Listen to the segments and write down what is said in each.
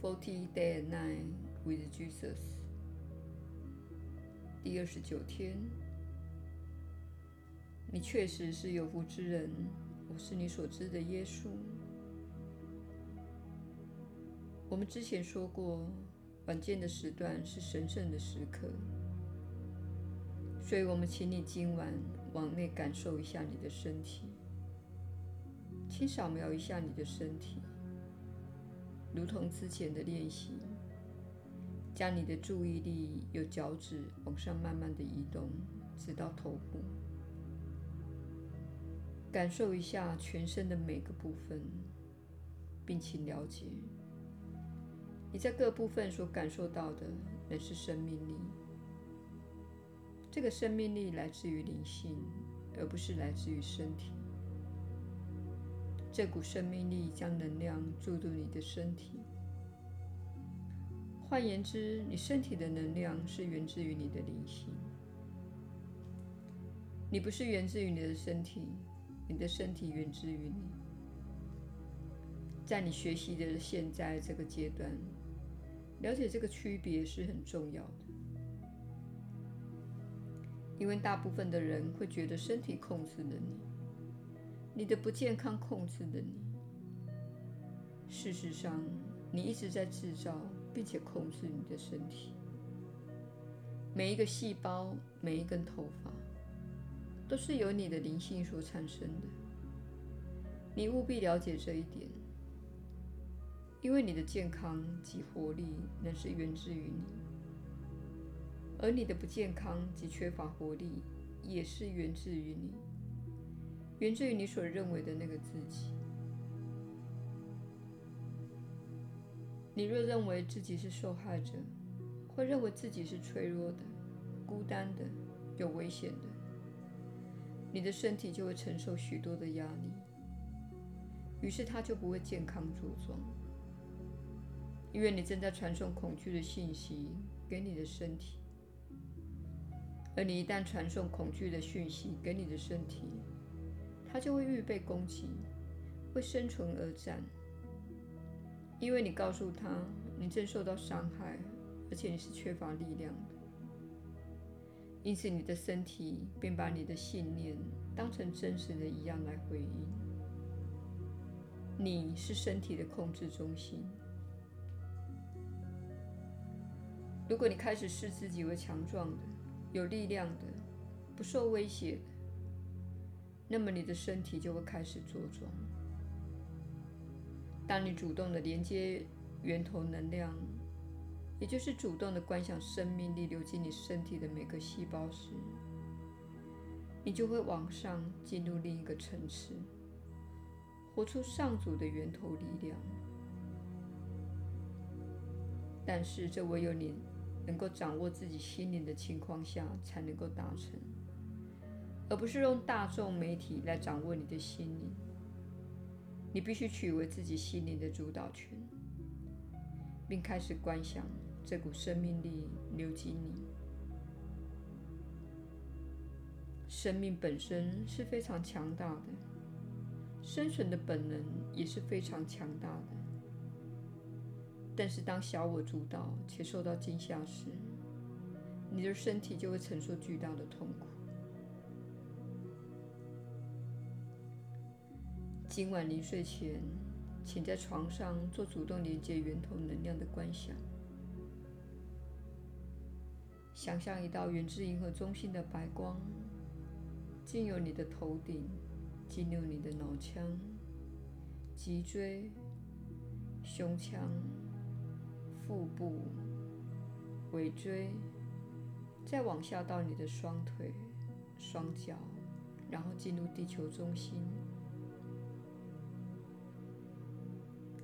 Forty Days and Nights with Jesus。第二十九天，你確實是有福之人。我是你所知的耶穌。我們之前說過，晚間的時段是神聖的時刻，所以，我們請你今晚往內感受一下你的身體，請掃描一下你的身體。如同之前的練習，將你的注意力由腳趾往上慢慢的移動，直到頭部，感受一下全身的每個部分，並請了解你在各部分所感受到的，乃是生命力。這個生命力來自於靈性，而不是來自於身體。這股生命力將能量注入你的身體。換言之，你身體的能量是源自於你的靈性。你不是源自於你的身體，你的身體源自於你。在你學習的現在這個階段，了解這個區別是很重要的，因為大部分的人會覺得身體控制了你。你的不健康控制了你，事實上，你一直在製造並且控制你的身體，每一個細胞、每一根頭髮，都是由你的靈性所產生的。你務必了解這一點，因為你的健康及活力乃是源自於你，而你的不健康及缺乏活力也是源自於你。源自於你所認為的那個自己。你若認為自己是受害者，或認為自己是脆弱的、孤單的、有危險的，你的身體就會承受許多的壓力，於是它就不會健康茁壯。因為你正在傳送恐懼的訊息給你的身體，而你一旦傳送恐懼的訊息給你的身體，他就會預備攻擊，為生存而戰。因為你告訴他你正受到傷害，而且你是缺乏力量的，因此你的身體便把你的信念當成真實的一樣來回應。你是身體的控制中心。如果你開始視自己為強壯的、有力量的、不受威脅的，那麼你的身體就會開始茁壯。當你主動的連接源頭能量，也就是主動的觀想生命力流進你身體的每個細胞時，你就會往上進入另一個層次，活出上主的源頭力量。但是這唯有你能夠掌握自己心靈的情況下，才能夠達成。而不是用大眾媒體來掌握你的心靈，你必須取回自己心靈的主導權，並開始觀想這股生命力流經你。生命本身是非常強大的，生存的本能也是非常強大的。但是當小我主導且受到驚嚇時，你的身體就會承受巨大的痛苦。今晚臨睡前，請在床上做主動連接源頭能量的觀想。想象一道源自銀河中心的白光，經由你的頭頂，進入你的腦腔、脊椎、胸腔、腹部、尾椎，再往下到你的雙腿、雙腳，然後進入地球中心。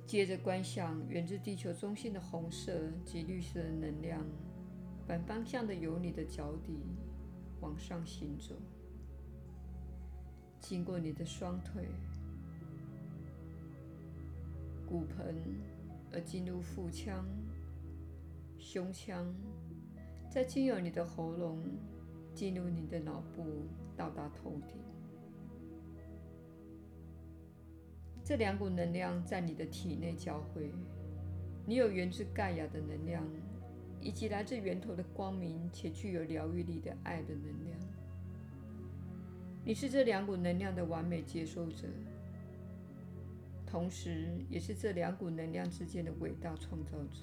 接着觀想源自地球中心的紅色及綠色的能量，反方向的由你的腳底往上行走，經過你的雙腿、骨盆，而進入腹腔、胸腔，再經由你的喉嚨進入你的腦部，到達頭頂。這兩股能量在你的體內交匯。你有源自蓋亞的能量，以及來自源頭的光明且具有療癒力的愛的能量。你是這兩股能量的完美接收者，同時也是這兩股能量之間的偉大創造者。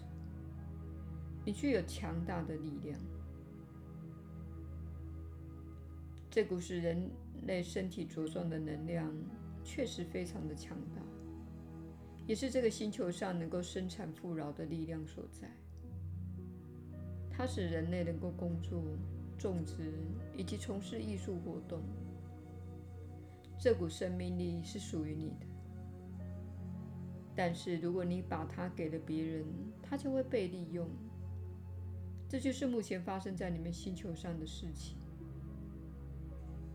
你具有強大的力量，這股使人類身體茁壯的能量。確實非常的強大，也是這個星球上能夠生產富饒的力量所在。它使人類能夠工作、種植以及從事藝術活動。這股生命力是屬於你的，但是如果你把它給了別人，它就會被利用。這就是目前發生在你們星球上的事情。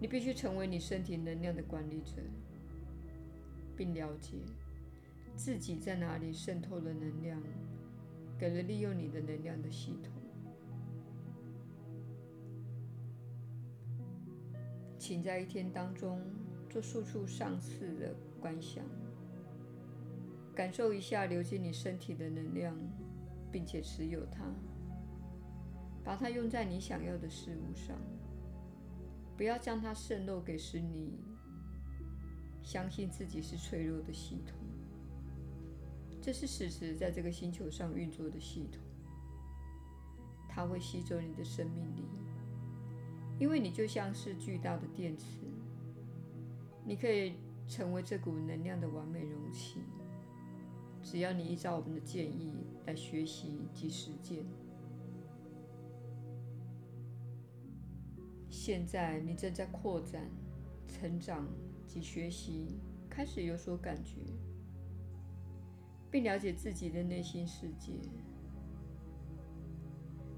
你必須成為你身體能量的管理者。並了解自己在哪裡滲透了能量，給了利用你的能量的系統。請在一天當中做數次上次的觀想，感受一下流經你身體的能量，並且持有它，把它用在你想要的事物上，不要將它滲漏給使你。相信自己是脆弱的系統，這是此時在這個星球上運作的系統，它會吸走你的生命力，因為你就像是巨大的電池，你可以成為這股能量的完美容器。只要你依照我們的建議來學習及實踐，現在你正在擴展。成長及學習，開始有所感覺，並了解自己的內心世界。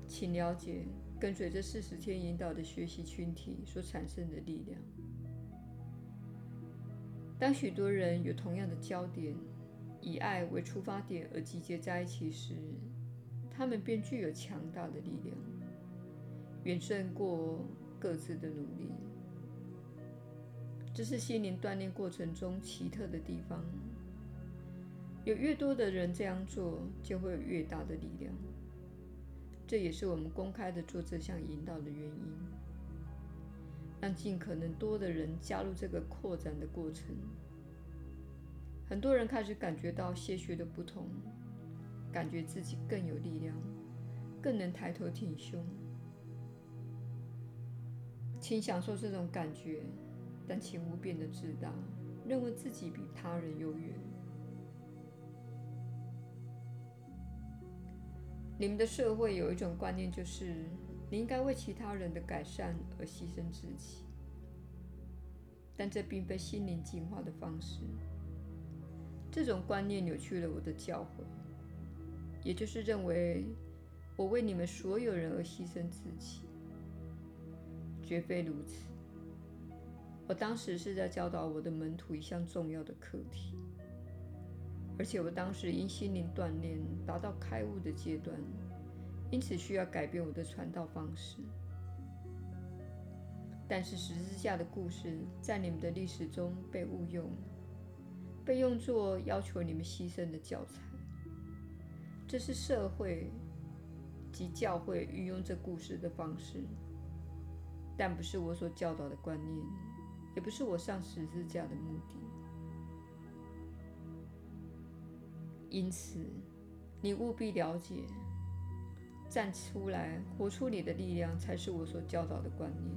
請了解，跟隨這四十天引導的學習群體所產生的力量。當許多人有同樣的焦點，以愛為出發點而集結在一起時，他們便具有強大的力量，遠勝過各自的努力。這是心靈鍛鍊過程中奇特的地方。有越多的人這樣做，就會有越大的力量。這也是我們公開的做這項引導的原因，讓儘可能多的人加入這個擴展的過程。很多人開始感覺到些許的不同，感覺自己更有力量，更能抬頭挺胸。請享受這種感覺。但請勿變得自大，認為自己比他人優越。你們的社會有一種觀念，就是你應該為其他人的改善而犧牲自己，但這並非心靈進化的方式。這種觀念扭曲了我的教誨，也就是認為我為你們所有人而犧牲自己，絕非如此。我當時是在教導我的門徒一項重要的課題，而且我當時因心靈鍛鍊達到開悟的階段，因此需要改變我的傳道方式。但是十字架的故事在你們的歷史中被誤用，被用作要求你們犧牲的教材。這是社會及教會運用這故事的方式，但不是我所教導的觀念。也不是我上十字架的目的。因此，你務必了解，站出來，活出你的力量，才是我所教導的觀念。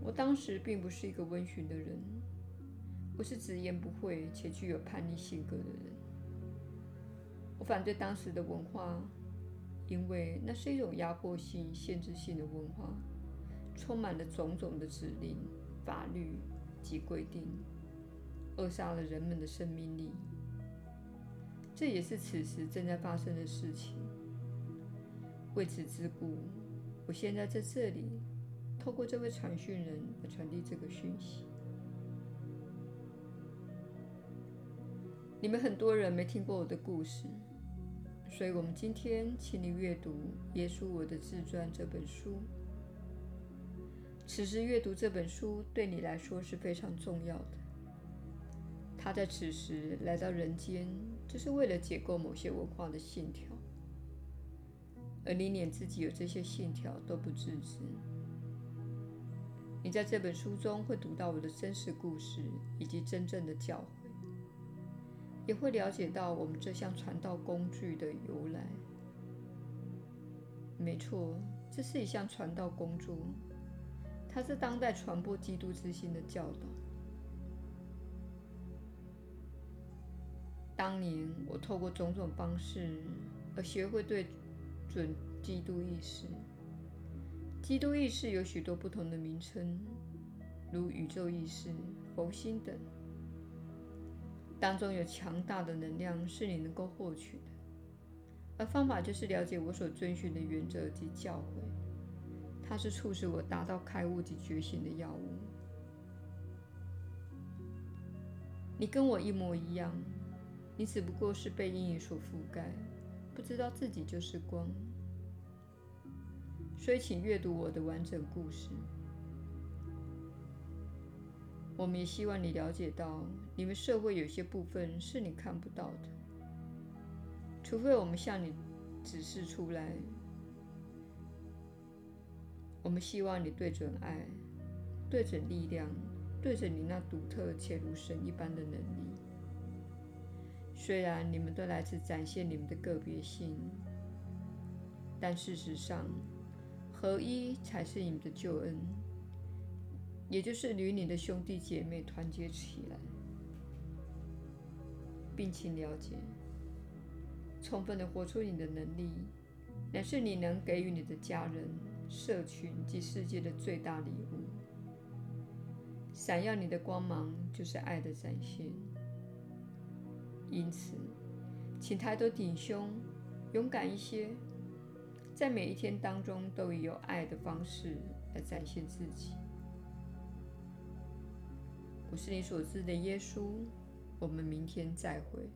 我當時並不是一個溫馴的人，我是直言不諱且具有叛逆性格的人。我反對當時的文化，因為那是一種壓迫性、限制性的文化，充滿了種種的指令。法律及規定扼殺了人們的生命力，這也是此時正在發生的事情。為此之故，我現在在這裡，透過這位傳訊人來傳遞這個訊息。你們很多人沒聽過我的故事，所以我們今天請你閱讀《耶穌我的自傳》這本書。此時閱讀這本書對你來說是非常重要的。它在此時來到人間，就是為了解構某些文化的信條，而你連自己有這些信條都不自知。你在這本書中會讀到我的真實故事以及真正的教誨，也會了解到我們這項傳道工具的由來。沒錯，這是一項傳道工作。它是當代傳播基督之心的教導。當年我透過種種方式而學會對準基督意識。基督意識有許多不同的名稱，如宇宙意識、佛心等。當中有強大的能量是你能夠獲取的，而方法就是了解我所遵循的原則及教誨。它是促使我達到開悟及覺醒的藥物。你跟我一模一樣，你只不過是被陰影所覆蓋，不知道自己就是光。所以，請閱讀我的完整故事。我們也希望你了解到，你們社會有些部分是你看不到的，除非我們向你指示出來。我們希望你對準愛，對準力量，對準你那獨特且如神一般的能力。雖然你們都來自展現你們的個別性，但事實上，合一才是你們的救恩。也就是與你的兄弟姐妹團結起來，並且了解，充分的活出你的能力，乃是你能給予你的家人。社群及世界的最大禮物，閃耀你的光芒就是愛的展現。因此，請抬頭挺胸，勇敢一些，在每一天當中都以有愛的方式來展現自己。我是你所知的耶穌，我們明天再會。